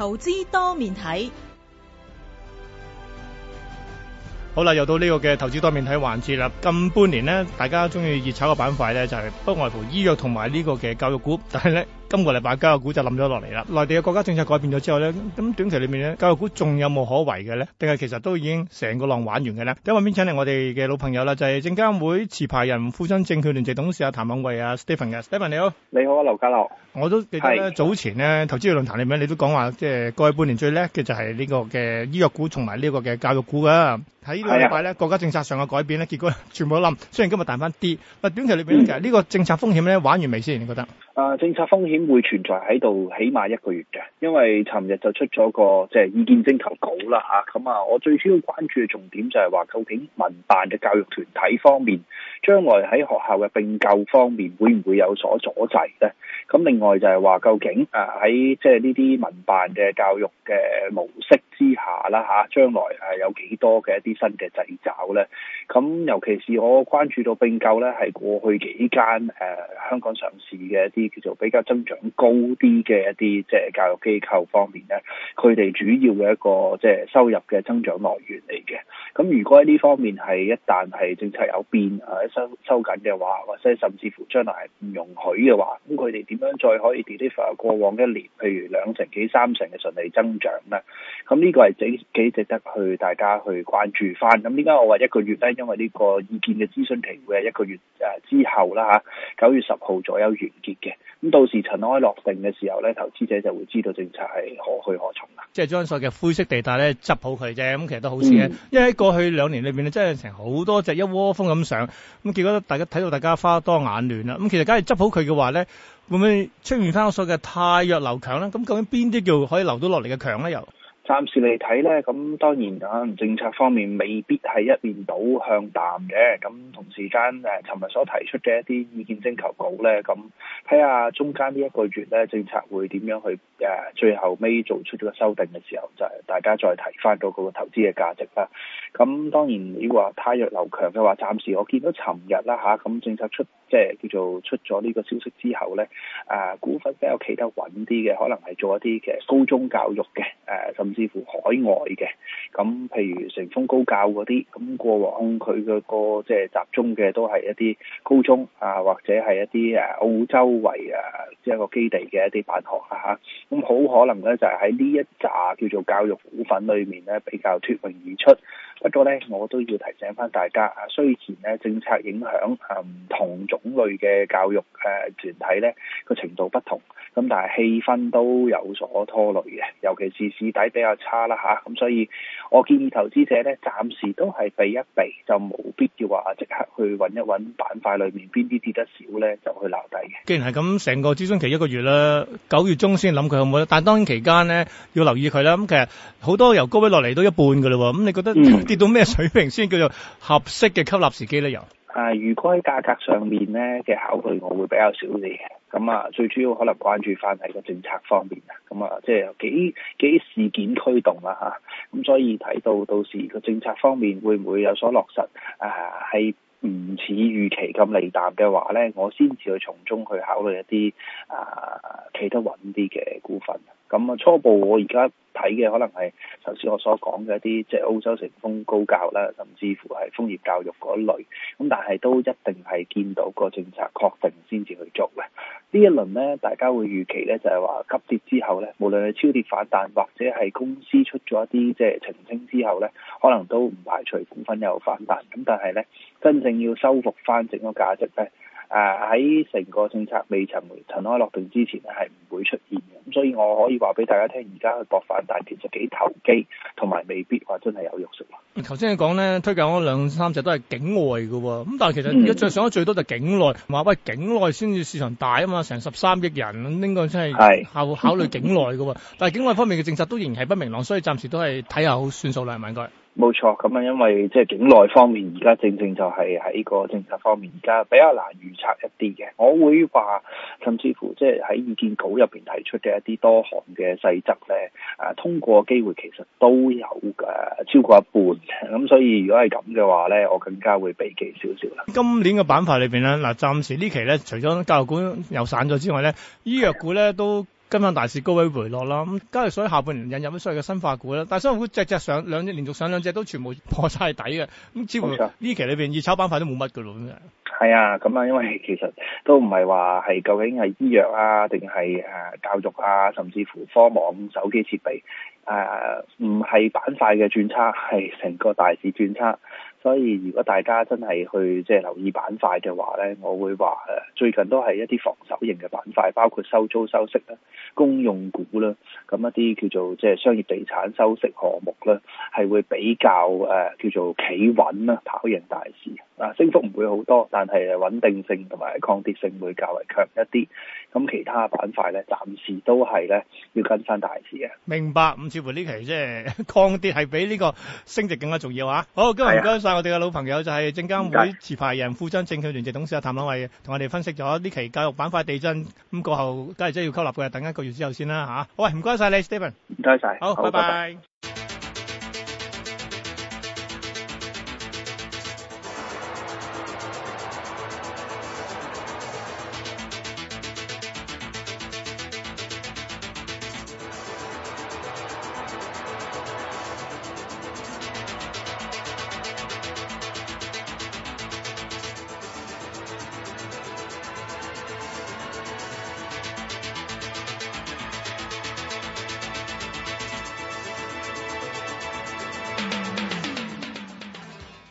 投資多面睇，好啦，又到呢個嘅投資多面睇環節啦。近半年咧，大家中意熱炒嘅板塊咧，就係不外乎醫藥同埋呢個嘅教育股，但係咧。今個禮拜教育股就冧咗落嚟啦。內地嘅國家政策改變咗之後咧，咁短期裏面咧，教育股仲有冇可為嘅咧？定係其實都已經成個浪玩完嘅咧？喺方面請嚟我哋嘅老朋友啦，就係證監會持牌人、富昌證券聯席董事阿譚朗蔚啊，Stephen 嘅、啊、Stephen 你好，你好啊，劉家樂，我都記得咧是早前咧投資論壇入面，你都講話即係過去半年最叻嘅就係呢個嘅醫藥股，股，同埋呢個嘅教育股噶。喺呢個禮拜咧，國家政策上嘅改變咧，結果全部都冧。雖然今日彈翻啲，但短期裏面咧就係呢個政策風險咧玩完未先？你覺得？啊，政策風險會存在喺度，起碼一個月嘅。因為尋日就出咗個即係、就是、意見徵求稿啦，吓、啊、咁啊，我最主要關注嘅重點就係話，究竟民辦嘅教育團體方面，將來喺學校嘅併購方面，會唔會有所阻滯咧？咁、啊、另外就係話，究竟誒喺即係呢啲民辦嘅教育嘅模式之下啦，吓、啊、將來誒有幾多嘅一啲新嘅掣肘咧？咁、啊、尤其是我關注到併購咧，係過去幾間誒、呃、香港上市嘅一啲。叫做比較增長高啲嘅一啲即係教育機構方面咧，佢哋主要嘅一個即係收入嘅增長來源嚟嘅。咁如果喺呢方面係一旦係政策有變，收收緊嘅話，或者甚至乎將來係唔容許嘅話，咁佢哋點樣再可以 deliver 過往一年，譬如兩成幾三成嘅順利增長呢？咁呢個係幾幾值得去大家去關注翻。咁點解我話一個月呢？因為呢個意見嘅諮詢期會係一個月，誒之後啦，嚇九月十號左右完結嘅。咁到時塵埃落定嘅時候呢，投資者就會知道政策係何去何從。即係將所謂嘅灰色地帶咧執好佢啫，咁其實都好嘅，嗯、因為喺過去兩年裏面，咧，真係成好多隻一窩蜂咁上，咁結果大家睇到大家花多眼亂啦，咁其實假如執好佢嘅話咧，會唔會出現翻所謂嘅汰弱留強咧？咁究竟邊啲叫可以留到落嚟嘅強咧？又？暫時嚟睇咧，咁當然可能政策方面未必係一面倒向淡嘅，咁同時間誒，尋日所提出嘅一啲意見徵求稿咧，咁睇下中間呢一個月咧，政策會點樣去誒、啊，最後尾做出咗修訂嘅時候，就係、大家再提翻到佢個投資嘅價值啦。咁當然你話汰弱留強嘅話，暫時我見到尋日啦嚇，咁、啊、政策出即係叫做出咗呢個消息之後咧，啊股份比較企得穩啲嘅，可能係做一啲嘅高中教育嘅、啊、甚至～似乎海外嘅，咁譬如成峰高教嗰啲，咁過往佢嘅，嗰個即係集中嘅都係一啲高中啊，或者係一啲誒澳洲為誒即係一個基地嘅一啲辦學啊，吓，咁好可能咧就係喺呢一扎叫做教育股份裏面咧比較脫穎而出。不過咧，我都要提醒翻大家啊。雖然咧政策影響啊，唔、嗯、同種類嘅教育誒團、啊、體咧個程度不同，咁但係氣氛都有所拖累嘅。尤其是市底比較差啦嚇，咁、啊、所以我建議投資者咧暫時都係避一避，就冇必要話即刻去揾一揾板塊裏面邊啲跌得少咧就去撈底嘅。既然係咁，成個諮詢期一個月啦，九月中先諗佢好唔好啦。但當然期間咧要留意佢啦。咁其實好多由高位落嚟都一半噶啦喎，咁你覺得？嗯跌到咩水平先叫做合適嘅吸納時機咧？又啊，如果喺價格上面咧嘅考慮，我會比較少啲嘅。咁啊，最主要可能關注翻係個政策方面啊。咁啊，即係有幾幾事件驅動啦嚇。咁、啊、所以睇到到時個政策方面會唔會有所落實？啊，係唔似預期咁利淡嘅話咧，我先至去從中去考慮一啲啊企得穩啲嘅股份。咁啊，初步我而家睇嘅可能係，頭先我所講嘅一啲即係歐洲成豐高教啦，甚至乎係豐業教育嗰類，咁但係都一定係見到個政策確定先至去做嘅。呢一輪咧，大家會預期咧就係話急跌之後咧，無論係超跌反彈或者係公司出咗一啲即係澄清之後咧，可能都唔排除股份有反彈。咁但係咧，真正要收復翻整個價值咧。誒喺成個政策未曾回塵埃落定之前咧，係唔會出現嘅。咁所以我可以話俾大家聽，而家去博反彈，但係其實幾投機，同埋未必話真係有肉食。頭先你講咧，推介我兩三隻都係境外喎。咁但係其實而家上咗最多就係境內，話、嗯、喂境內先至市場大啊嘛，成十三億人，應該真係考是考慮境內喎。但係境外方面嘅政策都仍然係不明朗，所以暫時都係睇下算數啦，係咪咁冇錯，咁啊，因為即係、就是、境內方面，而家正正就係喺個政策方面，而家比較難預測一啲嘅。我會話，甚至乎即係喺意見稿入邊提出嘅一啲多項嘅細則咧，啊，通過機會其實都有㗎，超過一半。咁所以如果係咁嘅話咧，我更加會避忌少少啦。今年嘅板塊裏邊咧，嗱，暫時期呢期咧，除咗教育股又散咗之外咧，醫藥股咧都。今晚大市高位回落啦，咁加上所以下半年引入咗所謂嘅新化股啦，但係新化股只只上兩隻連續上兩隻都全部破晒底嘅，咁似乎呢期裏面二炒板塊都冇乜㗎咯，咁啊，係啊，咁啊，因為其實都唔係話係究竟係醫藥啊，定係、啊、教育啊，甚至乎科網手機設備唔係板塊嘅轉差，係成個大市轉差。所以如果大家真係去即係留意板塊嘅話呢，我會話誒最近都係一啲防守型嘅板塊，包括收租收息啦、公用股啦，咁一啲叫做即係商業地產收息項目啦，係會比較、誒、叫做企穩啦，跑贏大市。啊，升幅唔會好多，但係穩定性同埋抗跌性會較為強一啲。咁其他板塊咧，暫時都係咧要跟翻大市嘅。明白。咁似乎呢期即係抗跌係比呢個升值更加重要啊。好，今日唔該晒我哋嘅老朋友，啊、就係證監會持牌謝人富昌證券聯席董事阿譚朗蔚，同我哋分析咗呢期教育板塊地震。咁過後都係真係要溝納嘅，等一個月之後先啦嚇。好，喂，唔該晒你，Stephen。唔該晒。好，拜拜。